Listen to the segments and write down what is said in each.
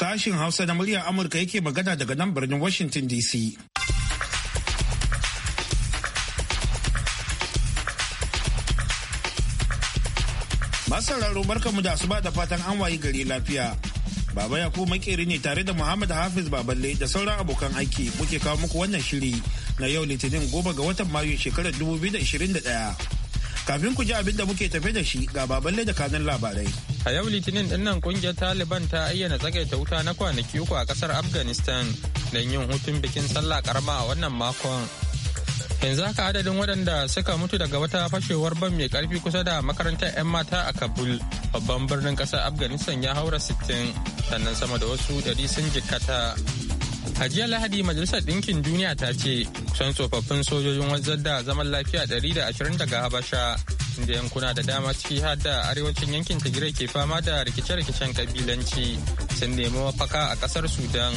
Sashin Hausa na muryar Amurka yake magana daga nan birnin Washington DC. Masararo barkamu da ba da fatan an wayi gari lafiya. Baba Yakubu makeri ne tare da Muhammad Hafiz Baballe da sauran abokan aiki muke kawo muku wannan shiri na yau Litinin goma ga watan Mayu shekarar 2021. Kafin ku ji abin da muke tafe da shi ga Baballe da Kanun labarai. A yau Litinin din nan kungiyar Taliban ta ayyana tsagaita wuta na kwanaki uku a kasar Afghanistan don yin hutun bikin sallah karama a wannan makon. Yanzu haka adadin waɗanda suka mutu daga wata fashewar ban mai karfi kusa da makarantar 'yan mata a Kabul, babban birnin ƙasar Afghanistan ya haura 60, sannan sama da wasu 100 sun jikkata. A jiya Lahadi Majalisar Ɗinkin Duniya ta ce kusan tsofaffin sojojin wajen da zaman lafiya ɗari da ashirin daga Habasha inda yankuna da dama ciki har da arewacin yankin Tigray ke fama da rikice-rikicen kabilanci sun nemi mafaka a kasar Sudan.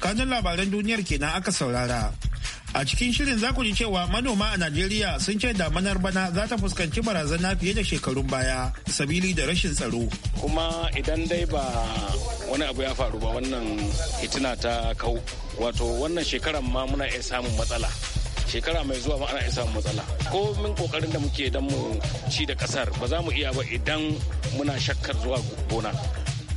Kanun labaran duniyar kenan aka saurara. A cikin shirin za ku ji cewa manoma a Najeriya sun ce damanar bana za ta fuskanci barazana fiye da shekarun baya sabili da rashin tsaro. Kuma idan dai ba wani abu ya faru ba wannan hitina ta kau wato wannan shekaran ma muna iya samun matsala. shekara mai zuwa ma ana iya samun matsala ko min kokarin da muke dan mu ci da kasar ba za mu iya ba idan muna shakkar zuwa gona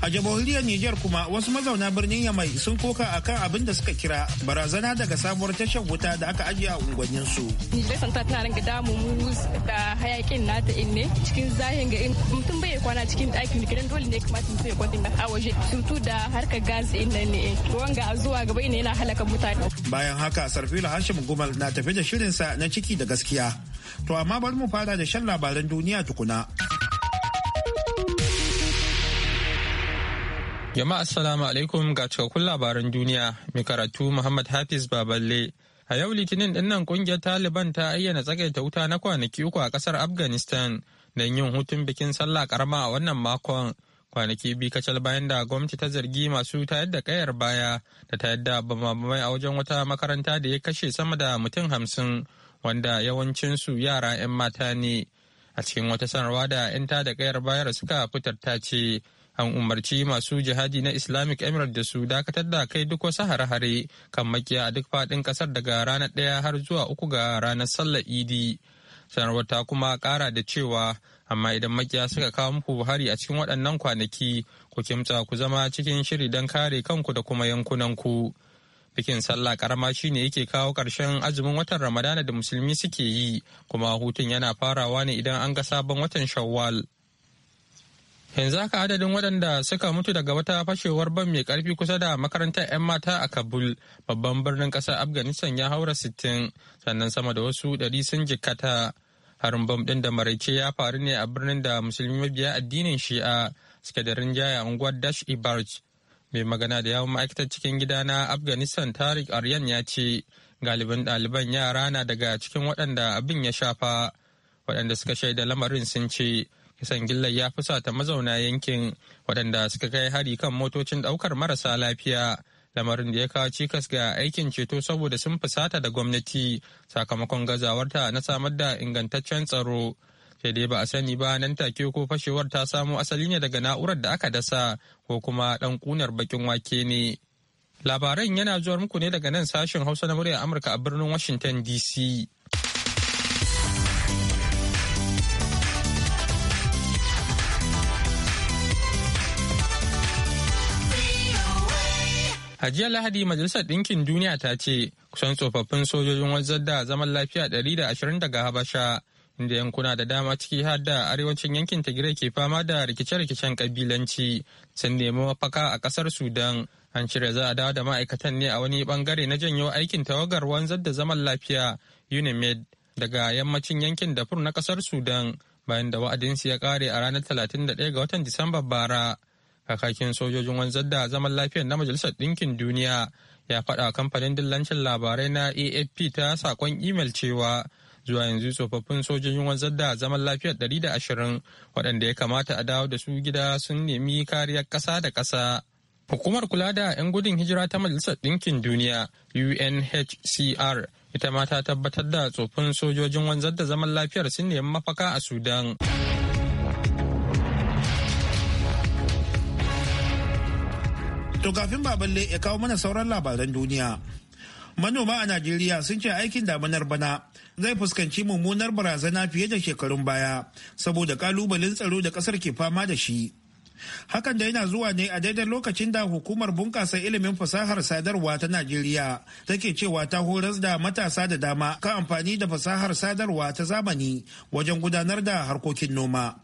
A jamhuriyar Nijar kuma wasu mazauna birnin Yamai sun koka akan abin da suka kira barazana daga sabuwar tashar wuta da aka ajiye a unguwannin su. Nijar santa tana ranga damu mu da hayakin nata in ne cikin zahin ga in mutum bai kwana cikin ɗakin gidan dole ne kamata mutum ya kwanta a waje tutu da harkar gas in nan ne wanga a zuwa gaba ina yana halaka mutane. Bayan haka Sarfila Hashim Gumal na tafi da shirinsa na ciki da gaskiya. To amma bari mu fara da shan labaran duniya tukuna. Jama'a assalamu alaikum ga cikakkun labaran duniya mai karatu Muhammad Hafiz Baballe. A yau Litinin din nan kungiyar Taliban ta ayyana tsagaita wuta na kwanaki uku a ƙasar Afghanistan don yin hutun bikin sallah karama a wannan makon kwanaki bi kacal bayan da gwamnati ta zargi masu tayar da kayar baya da tayar da bamabamai a wajen wata makaranta da ya kashe sama da mutum hamsin wanda yawancinsu yara 'yan mata ne. A cikin wata sanarwa da 'yan da kayar bayar suka fitar ta ce an umarci masu jihadi na islamic emirate da su dakatar da kai duk wasu hare-hare kan makiya a duk faɗin ƙasar daga ranar ɗaya har zuwa uku ga ranar sallar idi sanarwar ta kuma ƙara da cewa amma idan makiya suka kawo muku buhari a cikin waɗannan kwanaki ku kimtsa ku zama cikin shiri don kare kanku da kuma yankunanku bikin sallah karama ne yake kawo ƙarshen azumin watan ramadana da musulmi suke yi kuma hutun yana farawa ne idan an ga sabon watan shawwal yanzu haka adadin waɗanda suka mutu daga wata fashewar ban mai ƙarfi kusa da makarantar 'yan mata a kabul babban birnin ƙasar afghanistan ya haura sittin sannan sama da wasu ɗari sun jikkata harin bam ɗin da maraice ya faru ne a birnin da musulmi mabiya addinin shi'a suke da rinjaya unguwar dash ibarj mai magana da yawon ma'aikatar cikin gida na afghanistan tarik aryan ya ce galibin ɗaliban yara na daga cikin waɗanda abin ya shafa waɗanda suka shaida lamarin sun ce kisan gillar ya fusata mazauna yankin waɗanda suka kai hari kan motocin ɗaukar marasa lafiya lamarin da ya kawo cikas ga aikin ceto saboda sun fusata da gwamnati sakamakon gazawarta na samar da ingantaccen tsaro sai dai ba a sani ba nan take ko fashewar ta samo asali ne daga na'urar da aka dasa ko kuma ɗan ƙunar bakin wake ne labaran yana zuwa muku ne daga nan sashen hausa na murya amurka a birnin washington dc A jiya Lahadi Majalisar Ɗinkin Duniya ta ce kusan tsofaffin sojojin wanzar da zaman lafiya 120 daga Habasha inda yankuna da dama ciki har da arewacin yankin Tigray ke fama da rikice-rikicen kabilanci sun nemi mafaka a ƙasar Sudan. An cire za a dawo da ma'aikatan ne a wani bangare na janyo aikin tawagar wanzar da zaman lafiya UNIMED daga yammacin yankin dafur na kasar Sudan bayan da wa'adinsu ya kare a ranar 31 ga watan Disamba bara. kakakin sojojin wanzar da zaman lafiyar na majalisar ɗinkin duniya ya faɗa kamfanin dillancin labarai na afp ta sakon imel cewa zuwa yanzu tsofaffin sojojin wanzar da zaman lafiyar ɗari da ashirin waɗanda ya kamata a dawo da su gida sun nemi kariyar ƙasa da ƙasa. Hukumar kula da 'yan gudun hijira ta Majalisar Ɗinkin Duniya UNHCR ita ma ta tabbatar da tsoffin sojojin wanzar da zaman lafiyar sun nemi mafaka a Sudan. To kafin baballe ya kawo mana sauran labaran duniya. Manoma a Najeriya sun ce aikin damanar bana zai fuskanci mummunar barazana fiye da shekarun baya saboda kalubalen tsaro da kasar ke fama da shi. Hakan da yana zuwa ne a daidai lokacin da hukumar bunƙasa ilimin fasahar sadarwa ta Najeriya take cewa ta horas da matasa da dama kan amfani da fasahar sadarwa ta zamani wajen gudanar da harkokin noma.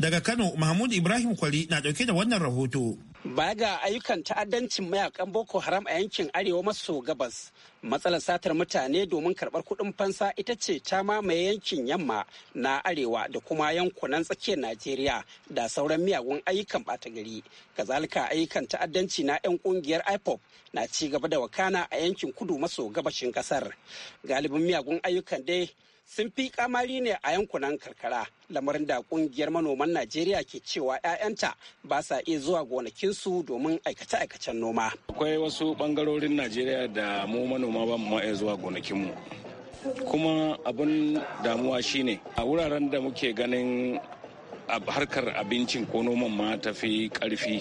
Daga Kano, Mahmud Ibrahim Kwari na ɗauke da wannan rahoto. Baya ga ayyukan ta'addancin mayakan Boko Haram a yankin Arewa maso gabas, matsalar satar mutane domin karɓar kuɗin fansa ita ce ta mamaye yankin yamma na Arewa da kuma yankunan tsakiyar Najeriya da sauran miyagun ayyukan ɓata gari. Kazalika ayyukan ta'addanci na 'yan ƙungiyar IPOP na ci gaba da wakana a yankin kudu maso gabashin ƙasar. Galibin miyagun ayyukan dai sun fi kamari ne a yankunan karkara lamarin da kungiyar manoman najeriya ke cewa 'ya'yanta ba sa iya zuwa gonakinsu domin aikace-aikacen noma akwai wasu bangarorin najeriya da mu manoma ba mu iya zuwa gonakinmu kuma abin damuwa shine a wuraren da muke ganin harkar abincin ko noman ma ta fi karfi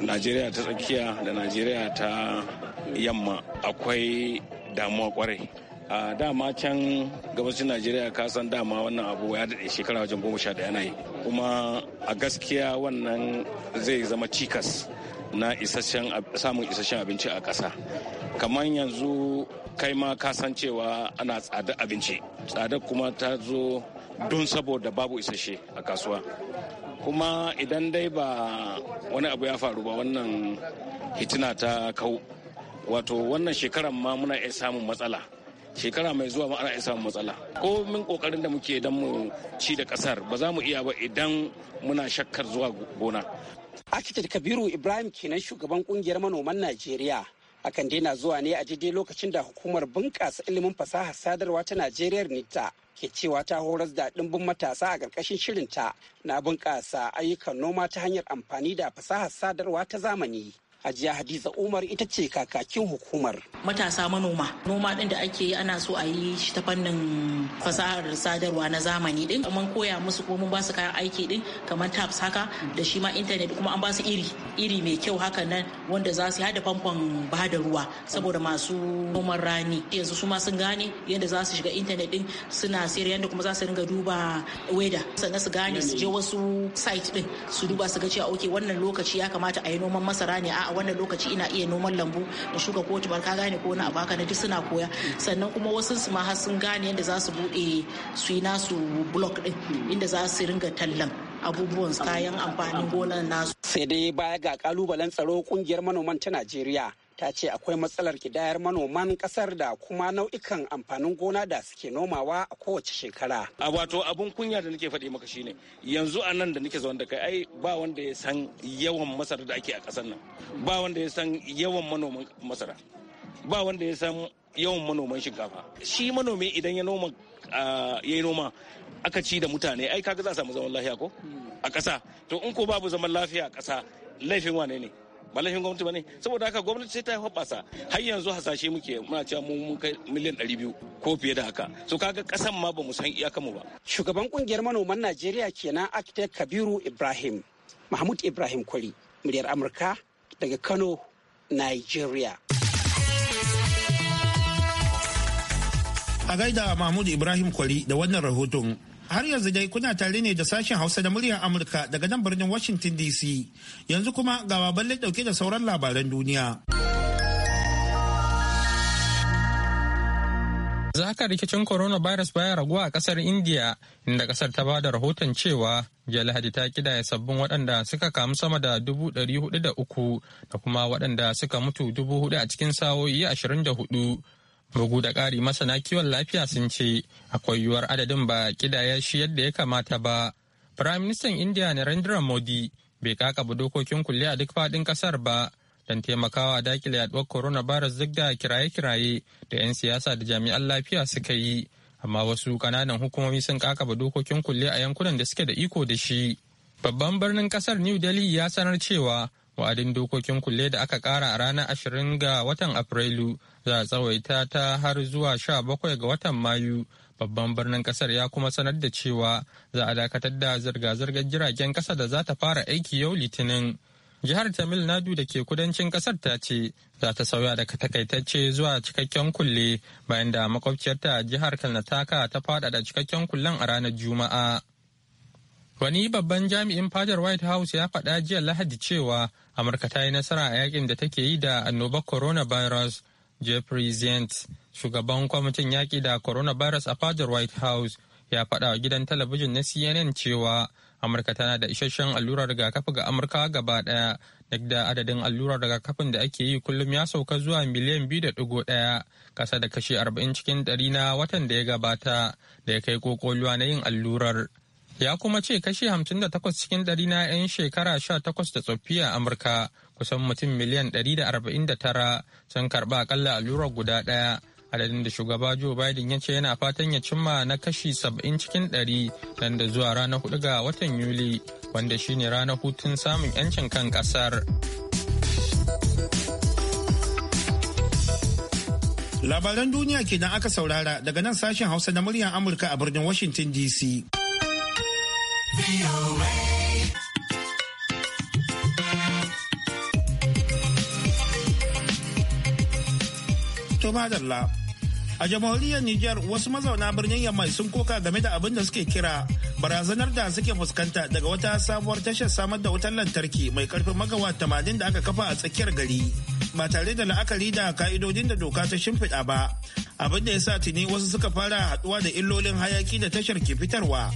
najeriya ta tsakiya da najeriya ta yamma akwai damuwa kwarai a dama can gabashin najeriya ka san dama wannan abu ya daɗe shekara wajen goma sha daya na yi kuma a gaskiya wannan zai zama cikas na samun isasshen abinci a ƙasa kamar yanzu kai ma ka san cewa ana tsada abinci tsada kuma ta zo don saboda babu isasshe a kasuwa kuma idan dai ba wani abu ya faru ba wannan hitina ta kau wato wannan shekaran ma muna iya samun matsala shekara mai zuwa ma ana iya samun matsala ko min kokarin da muke dan mu ci da kasar ba za mu iya ba idan muna shakkar zuwa gona Architect Kabiru Ibrahim kenan shugaban kungiyar manoman Najeriya akan daina zuwa ne a daidai lokacin da hukumar bunƙasa ilimin fasahar sadarwa ta Najeriya nita ke cewa ta horas da ɗimbin matasa a ƙarƙashin shirinta na bunƙasa ayyukan noma ta hanyar amfani da fasahar sadarwa ta zamani. Hajiya Hadiza Umar ita ce kakakin hukumar. Matasa manoma, noma ɗin da ake yi ana so a yi shi ta fannin fasahar sadarwa na zamani ɗin. Mun koya musu ko mun ba su kayan aiki ɗin kamar tabs haka da shi ma intanet kuma an ba su iri, iri mai kyau haka nan wanda za su hada famfon ba da ruwa saboda masu noman rani. Yanzu su ma sun gane yadda za su shiga intanet ɗin suna sayar yadda kuma za su ringa duba weda sannan su gane su je wasu site ɗin su duba su ga cewa ok wannan lokaci ya kamata a yi noman masara ne a a wannan lokaci ina iya noman lambu da shuka ko tubar ka gane ko wani abu haka na duk suna koya sannan kuma wasu su ma har sun gane yadda za su buɗe su yi nasu block din inda za su ringa tallan abubuwan kayan amfanin gonar nasu. sai dai baya ga kalubalen tsaro kungiyar manoman ta najeriya ta ce akwai matsalar kidayar manoman kasar da kuma nau'ikan amfanin gona da suke nomawa a kowace shekara. A wato abun kunya da nake faɗi maka shine yanzu a nan da nake zaune da kai ai ba wanda ya san yawan masara da ake a ƙasar nan ba wanda ya san yawan manoman masara ba wanda ya san yawan manoman shinkafa shi manomi idan ya noma ya yi noma aka ci da mutane ai kaga za a samu zaman lafiya ko a ƙasa to in ko babu zaman lafiya a ƙasa laifin wane ne ba gwamnati ba ne saboda haka gwamnati sai ta yi hoɓasa har yanzu hasashe muke muna cewa mun kai miliyan ɗari biyu ko fiye da haka so ga ƙasan ma ba mu san mu ba. shugaban kungiyar manoman najeriya kenan Akita kabiru ibrahim mahmud ibrahim kwari muryar amurka daga kano nigeria. a gaida mahmud ibrahim kwari da wannan rahoton Har yanzu dai kuna tare ne da sashen Hausa da muryar Amurka daga nan birnin Washington DC. Yanzu kuma ga balle dauke da sauran labaran duniya. Zaka rikicin coronavirus baya raguwa a kasar India inda kasar ta bada rahoton cewa jiya Lahadi ta kidaya sabbin waɗanda suka kamu sama da dubu ɗari da uku da kuma waɗanda suka mutu dubu hudu a cikin sa'o'i ashirin da hudu Bugu da ƙari masana kiwon lafiya sun ce akwai yiwuwar adadin ba kidaya shi yadda ya kamata ba. Firayim Ministan India Narendra Modi bai kakaba dokokin kulle a duk faɗin ƙasar ba don taimakawa dakile yaduwar Virus duk da kiraye-kiraye da 'yan siyasa da jami'an lafiya suka yi. Amma wasu ƙananan hukumomi sun kakaba dokokin kulle a yankunan da suke da iko da shi. Babban birnin ƙasar New Delhi ya sanar cewa wa'adin dokokin kulle da aka kara a ranar ashirin ga watan afrilu za a tsawaita ta har zuwa sha bakwai ga watan mayu babban birnin kasar ya kuma sanar da cewa za a dakatar da zirga-zirgar jiragen kasa da za ta fara aiki yau litinin jihar tamil nadu da ke kudancin kasar ta ce za ta sauya daga takaitacce zuwa cikakken kulle bayan da makwabciyarta jihar kalnataka ta faɗaɗa cikakken kullen a ranar juma'a Wani babban jami'in fadar White House ya faɗa jiya Lahadi cewa Amurka ta yi nasara a yakin da take yi da annobar coronavirus. Jeffrey Zient, shugaban kwamitin yaƙi da coronavirus a fadar White House, ya faɗa wa gidan talabijin na CNN cewa Amurka tana da isasshen allurar rigakafi ga Amurka gaba ɗaya, duk da adadin allurar rigakafin da ake yi kullum ya sauka zuwa miliyan biyu da ɗigo ɗaya, ƙasa da kashe arba'in cikin ɗari na watan da ya gabata da ya kai ƙoƙoluwa na yin allurar. ya kuma ce kashi 58 cikin ɗari na 'yan shekara 18 da tsoffi a amurka kusan mutum miliyan 149 sun karba akalla allurar guda ɗaya adadin da shugaba joe biden ya ce yana fatan ya cimma na kashi 70 cikin 100 nan da zuwa ranar 4 ga watan yuli wanda shine ranar hutun samun 'yancin kan kasar labaran duniya kenan aka saurara daga nan sashen hausa na muryar amurka a birnin washington dc A jamhuriyar Nijar wasu mazauna birnin Yamai sun koka game da abin da suke kira barazanar da suke fuskanta daga wata sabuwar tashar samar da wutar lantarki mai karfin magawa 80 da aka kafa a tsakiyar gari ba tare da la'akari da ka'idodin da doka ta shimfiɗa ba abin da ya sa tuni wasu suka fara haɗuwa da illolin hayaki da tashar ke fitarwa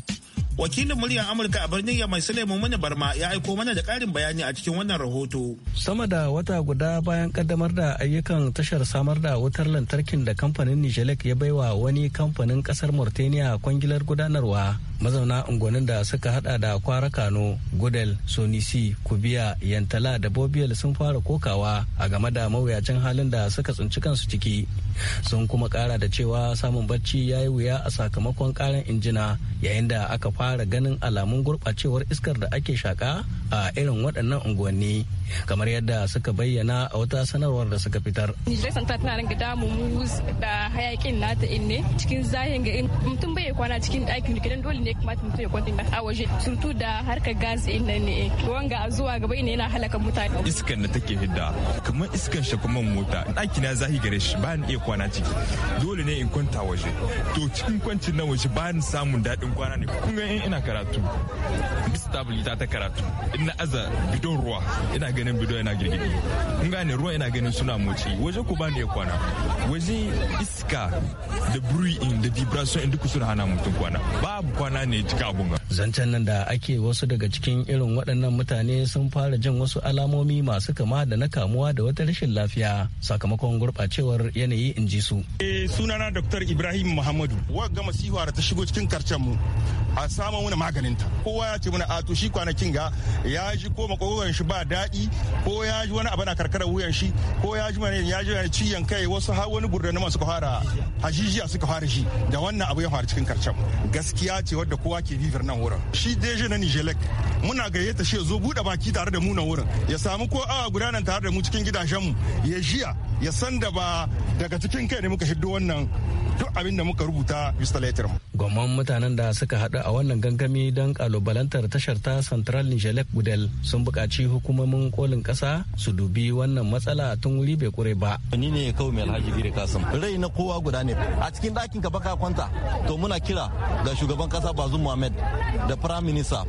wakilin muryar amurka a birnin yamai sulaiman mani barma ya aiko mana da karin bayani a cikin wannan rahoto sama da wata guda bayan kaddamar da ayyukan tashar samar da wutar lantarkin da kamfanin nijelek ya baiwa wani kamfanin kasar mauritania kwangilar gudanarwa mazauna unguwannin da suka hada da kwara kano gudel sonisi kubiya yantala da bobiyal sun fara kokawa a game da mawuyacin halin da suka tsinci kansu ciki sun kuma kara da cewa samun bacci ya yi wuya a sakamakon karan injina yayin da aka fara ganin alamun gurɓacewar iskar da ake shaƙa a irin waɗannan unguwanni kamar yadda suka bayyana a wata sanarwar da suka fitar. Nijirai Santa tana nan gada mu da hayakin nata in ne cikin zahin ga in mutum bai kwana cikin ɗakin gidan dole ne kamata mutum ya kwanta a waje surtu da harkar gas in nan ne wanga a zuwa gaba ne yana halaka mutane. Iskar da take hidda kamar iskar shakuman mota ɗakina zahi gare shi ba ni iya kwana ciki dole ne in kwanta waje to cikin kwancin na waje ba ni samun daɗin kwana ne kun ga in eh, ina karatu bisa ta karatu ina aza bidon ruwa ina ganin bidon yana girgidi in gane ruwa ina ganin suna motsi waje ku bani ya kwana waje iska da in da vibration in duka suna hana mutum kwana babu kwana ne jika abun zancen nan da ake wasu daga cikin irin waɗannan mutane sun fara jin wasu alamomi masu kama da na kamuwa da wata rashin lafiya sakamakon gurɓacewar yanayi in ji su. Eh, sunana dr ibrahim muhammadu ga masihuwa da ta shigo cikin karcen mu a samu wani maganin ta kowa ya ce mana a to shi kwanakin ga ya ji ko makogoron shi ba daɗi ko ya ji wani abu na karkarar wuyan shi ko ya ji mana ya ji ciyan kai wasu har wani gurdani masu fara hajijiya suka fara shi da wannan abu ya faru cikin karshen gaskiya ce wadda kowa ke bibir nan wurin shi deje na nijelek muna gayyata shi ya zo buɗe baki tare da mu na wurin ya samu ko awa guda nan tare da mu cikin gidajenmu ya jiya ya san da ba daga cikin kai ne muka shiddo wannan duk abin da muka rubuta mr letter gwamman mutanen da suka haɗu a wannan wannan gangami don kalubalantar tashar ta Central Nijelek Gudel sun bukaci hukumomin kolin kasa su dubi wannan matsala tun wuri bai kure ba. Ni ne kawo mai alhaji da Kasim. Rai na kowa guda ne. A cikin ɗakin ka baka kwanta to muna kira ga shugaban ƙasa Bazum Muhammad da Prime Minister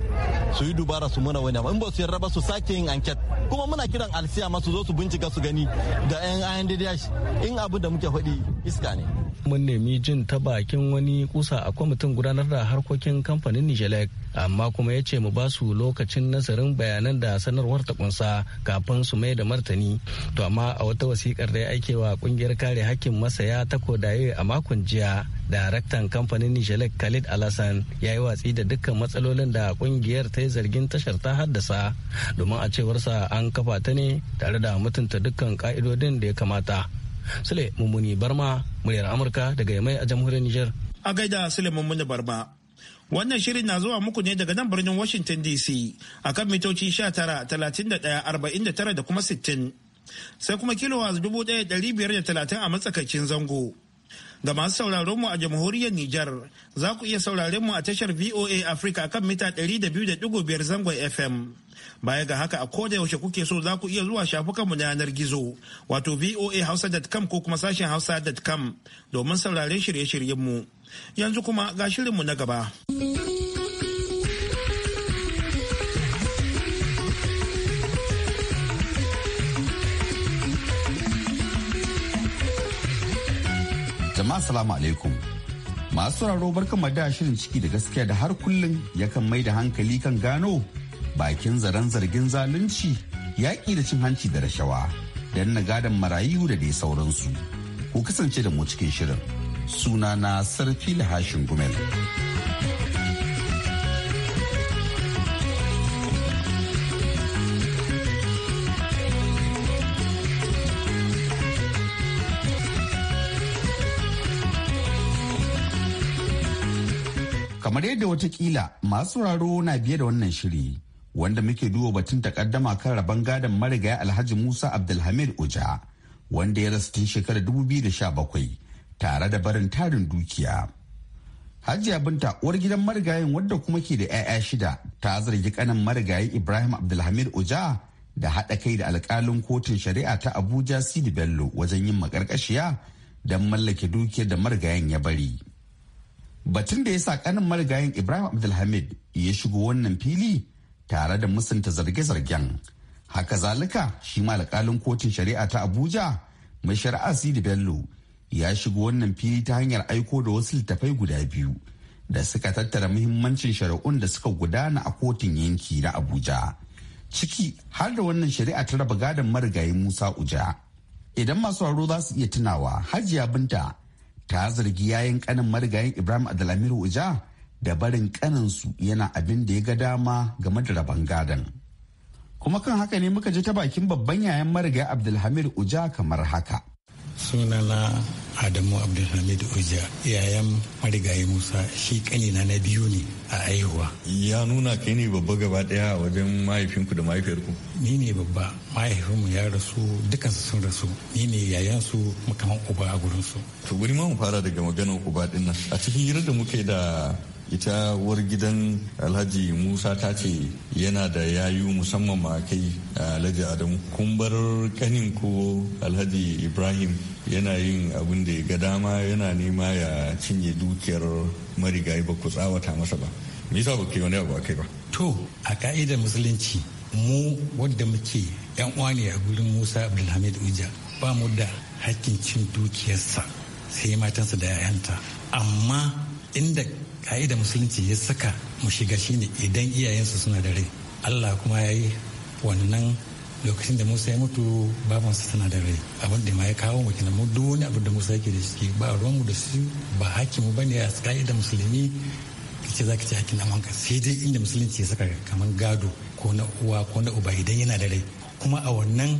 su yi dubara su muna wani in ba su yarda ba su sake yin anket kuma muna kiran alsiya masu zo su bincika su gani da yan INDDH in abu da muke faɗi iska ne. Mun nemi jin ta bakin wani kusa a kwamitin gudanar da harkokin kamfanin kamfanin nijelek amma kuma ya ce mu ba su lokacin nazarin bayanan da sanarwar ta kunsa kafin su mai da martani to amma a wata wasikar da ya aikewa kungiyar kare hakkin masaya ta kodaye a makon jiya daraktan kamfanin nijelek khalid alasan ya yi watsi da dukkan matsalolin da kungiyar ta yi zargin tashar ta haddasa domin a cewarsa an kafa ta ne tare da mutunta dukkan ka'idodin da ya kamata sule mummuni barma muryar amurka daga yamai a jamhuriyar niger a gaida sule mummuni barma Wannan shirin na zuwa muku ne daga nan birnin Washington DC a kan mitoci 19, da kuma 60. Sai kuma kilowatt 1530 a matsakaicin zango. Ga masu sauraron mu a jamhuriyar Nijar za ku iya sauraren mu a tashar VOA Africa kan mita 200.5 zangon FM. Baya ga haka a koda yaushe kuke so za ku iya zuwa shafukan mu na yanar gizo wato voahausa.com ko kuma sashen hausa.com domin sauraren shirye shiryen mu Yanzu kuma ga shirinmu na gaba. amma salamu alaikum masu sauraro barkan da shirin ciki da gaskiya da har kullum yakan mai da hankali kan gano bakin zaren zargin zalunci yaƙi da cin hanci da rashawa don na gadon marayu da dai sauransu ku kasance da mu cikin shirin sunana sarfi hashin gumel. kamar yadda watakila masu raro na biye da wannan shiri wanda muke duba batun takaddama kan rabon gadon marigaya alhaji musa abdulhamid uja wanda ya rasu tun shekarar 2017 tare da barin tarin dukiya hajiya binta uwar gidan marigayin wadda kuma ke da 'ya'ya shida ta zargi kanan marigayi ibrahim abdulhamid oja da haɗa kai da alkalin kotun shari'a ta abuja sidi bello wajen yin makarkashiya don mallake dukiyar da marigayin ya bari Batun da ya sa kanin marigayin Ibrahim Abdulhamid ya shigo wannan fili tare da musunta zarge-zargen. Haka zalika shi ma alƙalin kotun shari'a ta Abuja mai shari'a Sidi Bello ya shigo wannan fili ta hanyar aiko da wasu littafai guda biyu da suka tattara muhimmancin shari'un da suka gudana a kotun yanki na Abuja. Ciki har da wannan shari'a ta raba gadon marigayi Musa Uja. Idan masu za su iya tunawa Hajiya Binta ta zargi yayin kanin marigayin ibrahim adalamiru uja da barin kanin su yana abin da ya ga dama game da rabon gadon kuma kan haka ne muka ji ta bakin babban yayan marigayi abdulhamir uja kamar haka sunana adamu abdulhamid oja yayan marigayi musa shi kanina na biyu ne a aihuwa ya nuna kai ne babba gaba daya wajen mahaifinku da mahaifiyarku ni ne babba mahaifinmu ya rasu dukansu sun rasu ni ne yayansu makaman uba a gurinsu to ma mu fara daga maganar uba dinnan a cikin hirar da muke da ita uwar gidan alhaji musa ta ce yana da yayu musamman ma kai alhaji adamu kun bar kanin ko alhaji ibrahim yana yin abin da ya ga dama yana nema ya cinye dukiyar marigayi ba ku tsawata masa ba me yasa ba wani abu kai ba to a ka'idar musulunci mu wadda muke yan uwa ne a gurin musa abdulhamid uja ba mu da hakkin cin dukiyarsa sai matansa da 'ya'yanta amma inda ka'ida musulunci ya saka mu shiga shine idan iyayensu suna da rai allah kuma ya yi wannan lokacin da musa ya mutu babansa suna da rai abin da ma ya kawo mu kenan mu duk wani abu da musa yake da shi ba ruwan mu da su ba hakimu ne a ka'ida musulmi kace ka ci haƙƙin amanka sai dai inda musulunci ya saka kamar gado ko na uwa ko na uba idan yana da rai kuma a wannan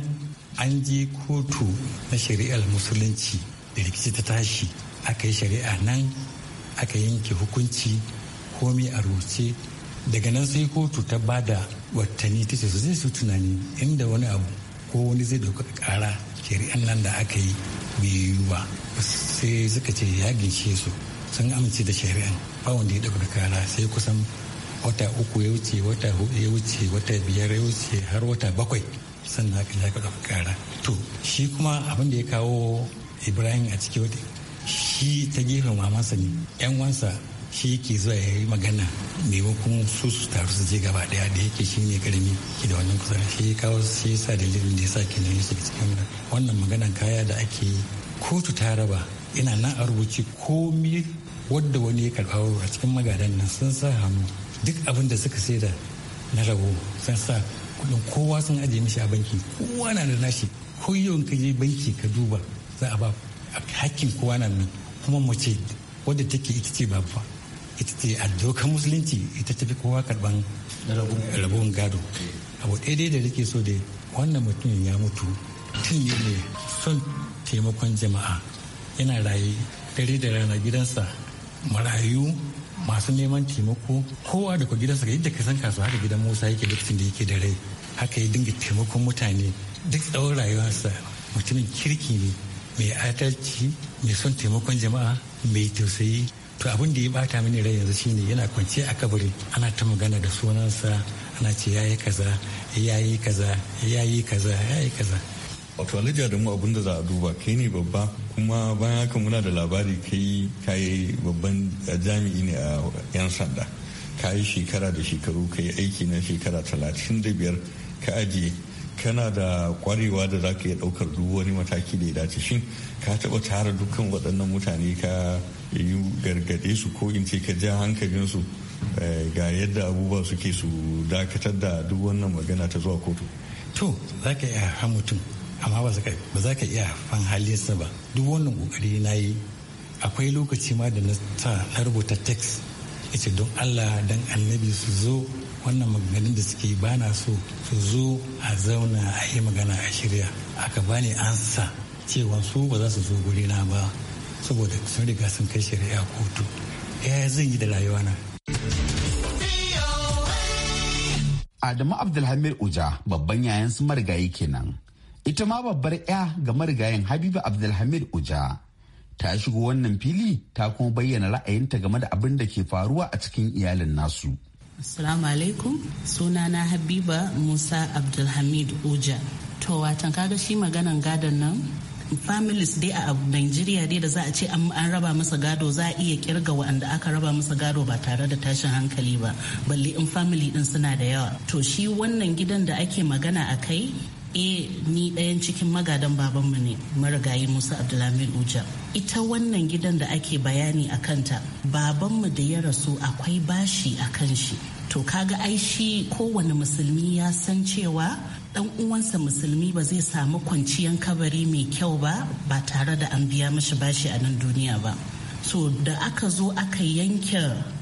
an je kotu na shari'ar musulunci da rikici ta tashi aka yi shari'a nan aka yanke hukunci komi a rubuce daga nan sai kotu ta bada watanni ta ce zai su tunani inda wani abu ko wani zai dauka kara shari'an nan da aka yi bai ba sai suka ce ya ginshe su sun amince da shari'an ba wanda ya dauka kara sai kusan wata uku ya wuce wata hudu ya wuce wata biyar ya wuce har wata bakwai sannan aka ya dauka kara to shi kuma abin da ya kawo ibrahim a cikin shi ta gefen mamansa ne yan wansa shi ke zuwa ya yi magana maimakon su su taru su je gaba daya da yake shi ne karami ke da wannan kusa shi kawo shi ya sa dalilin da yasa sa ke nan shi cikin wannan maganan kaya da ake yi kotu ta raba ina nan a rubuce komi wadda wani ya karɓa a cikin magadan nan sun sa hannu duk abin da suka da na rabo sun sa kuɗin kowa sun ajiye mishi a banki kowa na da nashi ko yawan ka je banki ka duba za a ba hakkin kowa na nan kuma mace wadda take ita ce babba ita ce a dokar musulunci ita ta fi kowa karban rabon gado abu daidai da rike so da wannan mutum ya mutu tun ne ne son taimakon jama'a yana raye dare da rana gidansa marayu masu neman taimako kowa da ku gidansa yadda ka san kasuwa haka gidan musa yake lokacin da yake da rai haka ya dinga taimakon mutane duk tsawon rayuwarsa mutumin kirki ne mai adalci mai son taimakon jama'a mai tausayi to abin da ya bata mini rai yanzu shine yana kwance a kabari ana ta magana da sunansa ana ce yayi kaza yayi kaza yayi kaza yayi kaza wato alija da mu abin da za a duba kai ne babba kuma bayan haka muna da labari kai kayi babban jami'i ne a yan sanda kayi shekara da shekaru kayi aiki na shekara talatin da biyar ka ajiye kana da kwarewa da za ka iya ɗaukar duk wani mataki da ya dace shin ka taba tara dukkan waɗannan mutane ka yi gargaɗe su ko in ce ka ja su eh, ga yadda abubuwa suke su dakatar da duk wannan magana ta zuwa kotu to za ka iya han mutum amma ba za ka iya fan halinsa ba duk wannan kokari na yi akwai lokaci ma da na sa na rubuta text ita don allah don annabi su zo wannan maganganun da suke ba na so su zo a zauna a yi magana a shirya aka bani ansa cewa su ba za su zo guri na ba saboda sun riga sun kai shari'a kotu yaya zan yi da rayuwa na Adamu Abdulhamid Uja babban yayan su marigayi kenan. Ita ma babbar 'ya ga marigayin Habiba Abdulhamid Uja ta shigo wannan fili ta kuma bayyana ra'ayinta game da abin da ke faruwa a cikin iyalin nasu. Assalamu alaikum na Habiba Musa Abdulhamid Uja. To watan kaga shi maganan gadon nan families dai a Nigeria dai da za a ce an raba masa gado za a iya kirga waɗanda aka raba masa gado ba tare da tashin hankali ba balle in family din suna da yawa to shi wannan gidan da ake magana a kai eh ni ɗayan cikin magadan babanmu ne marigayi musa abdulhamid uja ita wannan gidan da ake bayani a kanta babanmu da ya rasu akwai bashi a kan shi to kaga ai shi kowane musulmi ya san cewa dan uwansa musulmi ba zai samu kwanciyan kabari mai kyau ba ba tare da an biya mashi bashi a nan duniya ba so da aka zo aka yanke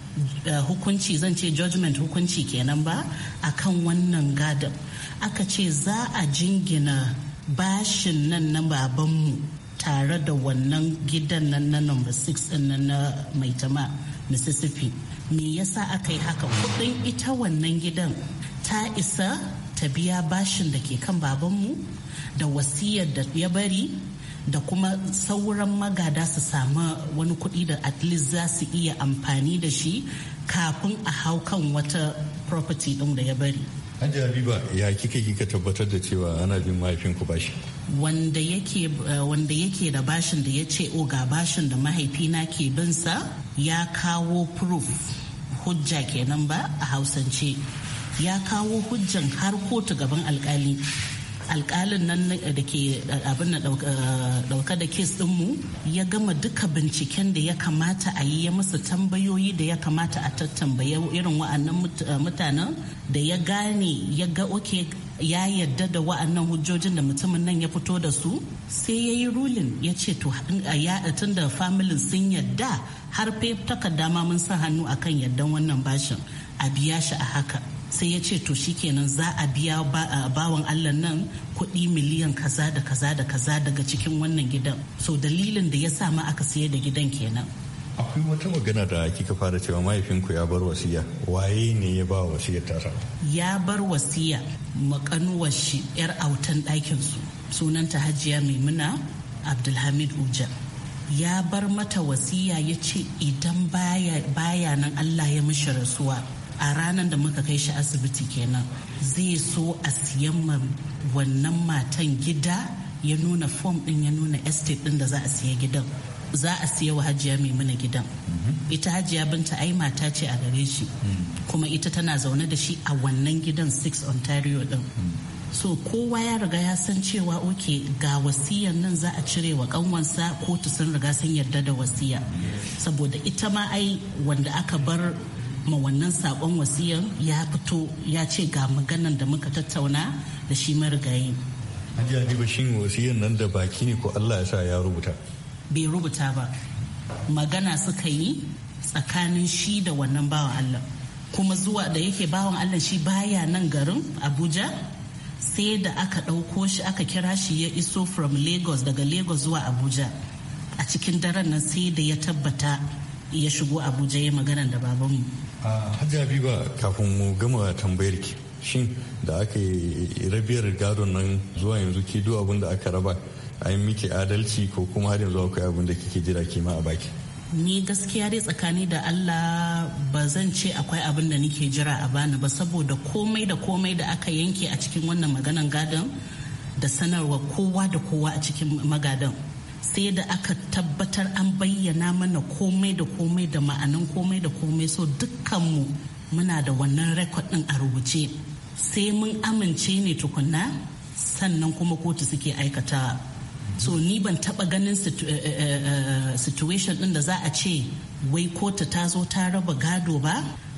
Eh, hukunci zan ce judgment hukunci kenan ba a kan wannan gadon aka ce za a jingina bashin nan na babanmu tare da wannan gidan nan na number 6 nan na maitama mississippi me yasa aka yi haka kudin ita wannan gidan ta isa ta biya bashin da ke kan babanmu da wasiyar da ya bari da kuma sauran magada su samu wani kuɗi da at least za su iya amfani da shi kafin a hau kan wata property ɗin da ya bari. Hajji Habiba ya kika kika tabbatar da cewa ana bin mahaifinku bashi. Wanda yake eh, wanda yake da bashin da ya ce oh, ga bashin da mahaifina ke bin sa ya kawo proof hujja kenan ba a hausance ya kawo hujjan har kotu gaban alkali alkalin nan da ke abin na dauka da kes ɗin mu ya gama duka binciken da ya kamata a yi ya musu tambayoyi da ya kamata a tattambaye irin wa'annan eh, mutanen da ya gane ya ga oke ya yarda da wa'annan hujjojin da mutumin nan ya fito da su sai ya yi rulin ya ce to tun da familin sun yarda har takarda ma mun sa hannu akan yardan wannan bashin a biya shi a haka sai ya ce to kenan za a biya bawan allah nan kuɗi miliyan kaza da kaza da kaza daga cikin wannan gidan so dalilin da ya sa ma aka sayar da gidan kenan akwai wata magana da kika fara cewa mahaifinku ya bar wasiya waye ne ya ba wasiya tasa ya bar wasiya makanuwar shi yar autan ɗakin su sunanta hajiya maimuna abdulhamid uja ya bar mata wasiya ya ce idan baya nan allah ya mishi rasuwa a ranar da muka kai shi asibiti kenan zai so a siyan ma wannan matan gida ya nuna fom din ya nuna estate din da za a siya gidan za a siya wa hajiya mai mana gidan mm-hmm. ita hajiya binta ai mata ce a gare shi mm. kuma ita tana zaune da shi a wannan gidan 6 ontario din mm. so kowa ya riga ya san cewa oke ga wasiyan nan za a cire wa kanwansa kotu sun riga sun yarda da wasiya saboda ita ma ai wanda aka bar ma wannan sakon wasiyan ya fito ya ce ga maganan da muka tattauna da shi marigayi. Hajiya Habiba shin wasiyar nan da baki ne ko Allah ya sa ya rubuta? Bai rubuta ba. Magana suka yi tsakanin shi da wannan bawan Allah. Kuma zuwa da yake bawan Allah shi baya nan garin Abuja sai da aka ɗauko shi aka kira shi ya iso from Lagos daga Lagos zuwa Abuja. A cikin daren nan sai da ya tabbata ya shigo Abuja ya magana da babanmu. hajjabi ba kafin mu gama tambayar ki shin da aka yi rabiyar gadon nan zuwa yanzu ke duk abin da aka raba a yi miki adalci ko kuma har yanzu akwai abin da kike jira ke ma a baki ni gaskiya dai tsakani da allah ba zan ce akwai abin da nike jira a bani ba saboda komai da komai da aka yanke a cikin wannan maganan gadon da sanarwa kowa da kowa a cikin magadan sai da aka tabbatar an bayyana mana komai da komai da ma'anin komai da komai so dukkanmu muna da wannan rekod ɗin a rubuce sai mun amince ne tukunna sannan kuma kotu suke aikata so ni ban taba ganin eh, eh, eh, situation ɗin da za a ce wai kotu ta zo ta raba gado ba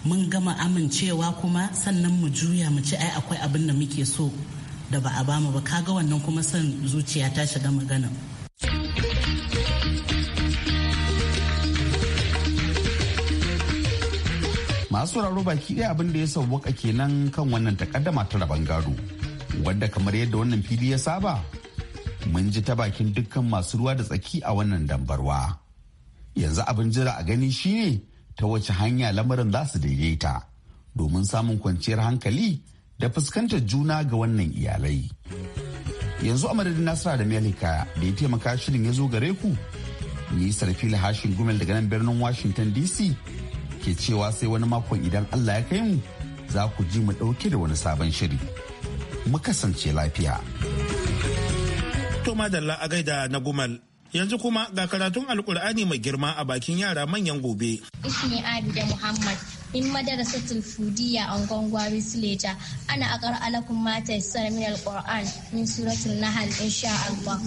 mun gama amincewa kuma sannan mu juya mu ci ai akwai abin da muke so da ba a bamu ba kaga wannan kuma son zuciya ta shiga magana. masu sauraro baki ɗaya abin da ya sauwaka kenan kan wannan takaddama ta rabon gado wadda kamar yadda wannan fili ya saba mun ji ta bakin dukkan masu ruwa da tsaki a wannan dambarwa yanzu abin jira a gani shine ta wace hanya lamarin za su daidaita domin samun kwanciyar hankali da fuskantar juna ga wannan iyalai yanzu a madadin nasara da melika da ya taimaka shirin ya zo gare ku ni sarfili hashin gumel daga nan birnin washington dc ke cewa sai wani makon idan Allah ya kai mu za ku ji mu ɗauke da wani sabon shiri. Mu kasance lafiya. Toma da a gaida na gumal. Yanzu kuma ga karatun Alkur'ani mai girma a bakin yara manyan gobe. Ismi Abida Muhammad in madarasatul fudiya an gwangwari sileta ana akar alakun mata yasar min alquran min suratul nahl insha Allah.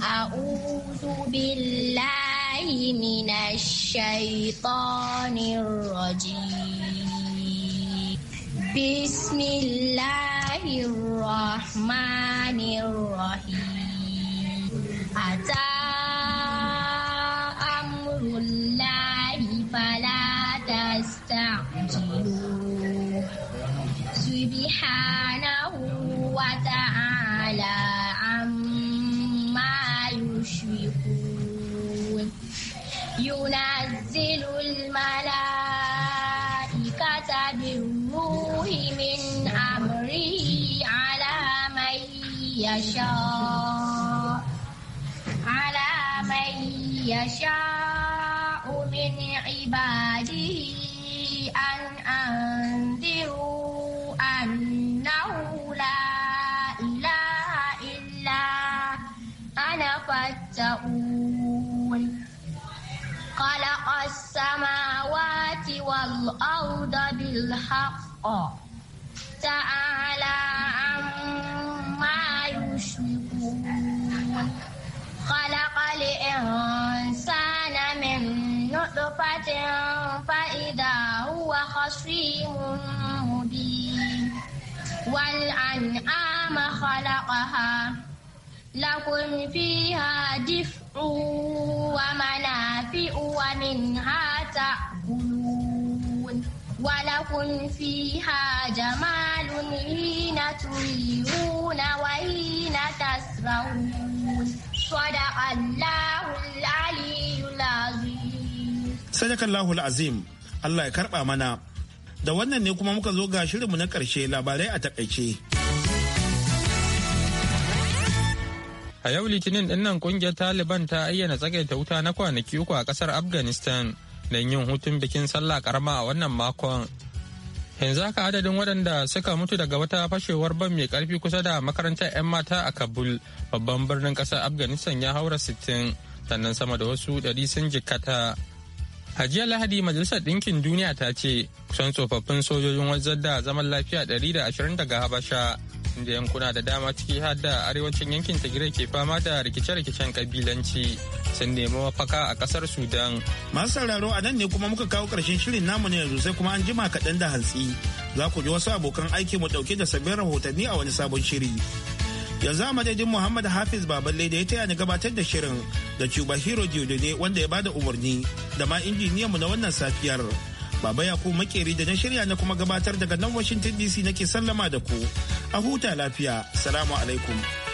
A'udhu billahi بالله من الشيطان الرجيم بسم الله الرحمن الرحيم أتى أمر الله فلا تستعجلوه سبحانه وتعالى حقا تعالى عما يشركون خلق الإنسان من نطفة فإذا هو خصيم مبين والأنعام خلقها لكم فيها دفء ومنافع ومنها تأكلون ولكم فيها جمال حين تريون وحين صدق الله العلي العظيم صدق الله العظيم الله mana da wannan ne kuma muka zo ga shirinmu na ƙarshe labarai a takaice. A yau Litinin ɗinnan ƙungiyar Taliban ta ayyana tsagaita wuta na kwanaki uku a ƙasar Afghanistan don yin hutun bikin sallah karama a wannan makon yanzu haka adadin waɗanda suka mutu daga wata fashewar ban mai ƙarfi kusa da makarantar 'yan mata a kabul babban birnin ƙasar afghanistan ya haura sittin sannan sama da wasu ɗari sun jikata a jiya lahadi majalisar ɗinkin duniya ta ce kusan tsofaffin sojojin wajen da zaman lafiya ɗari da ashirin daga habasha inda yankuna da dama ciki har da arewacin yankin Tigray ke fama da rikice-rikicen kabilanci sun nemi mafaka a kasar Sudan. Masu sauraro a nan ne kuma muka kawo karshen shirin namu ne yanzu sai kuma an jima kaɗan da hantsi. Za ku ji wasu abokan aiki mu ɗauke da sabbin rahotanni a wani sabon shiri. Yanzu a madadin Muhammad Hafiz Baballe da ya taya ni gabatar da shirin da Cuba Hero Diodone wanda ya bada umarni da ma injiniyan mu na wannan safiyar. Baba Yakubu makeri da na shirya na kuma gabatar daga nan Washington DC nake sallama da ku. A huta lafiya. Salamu alaikum.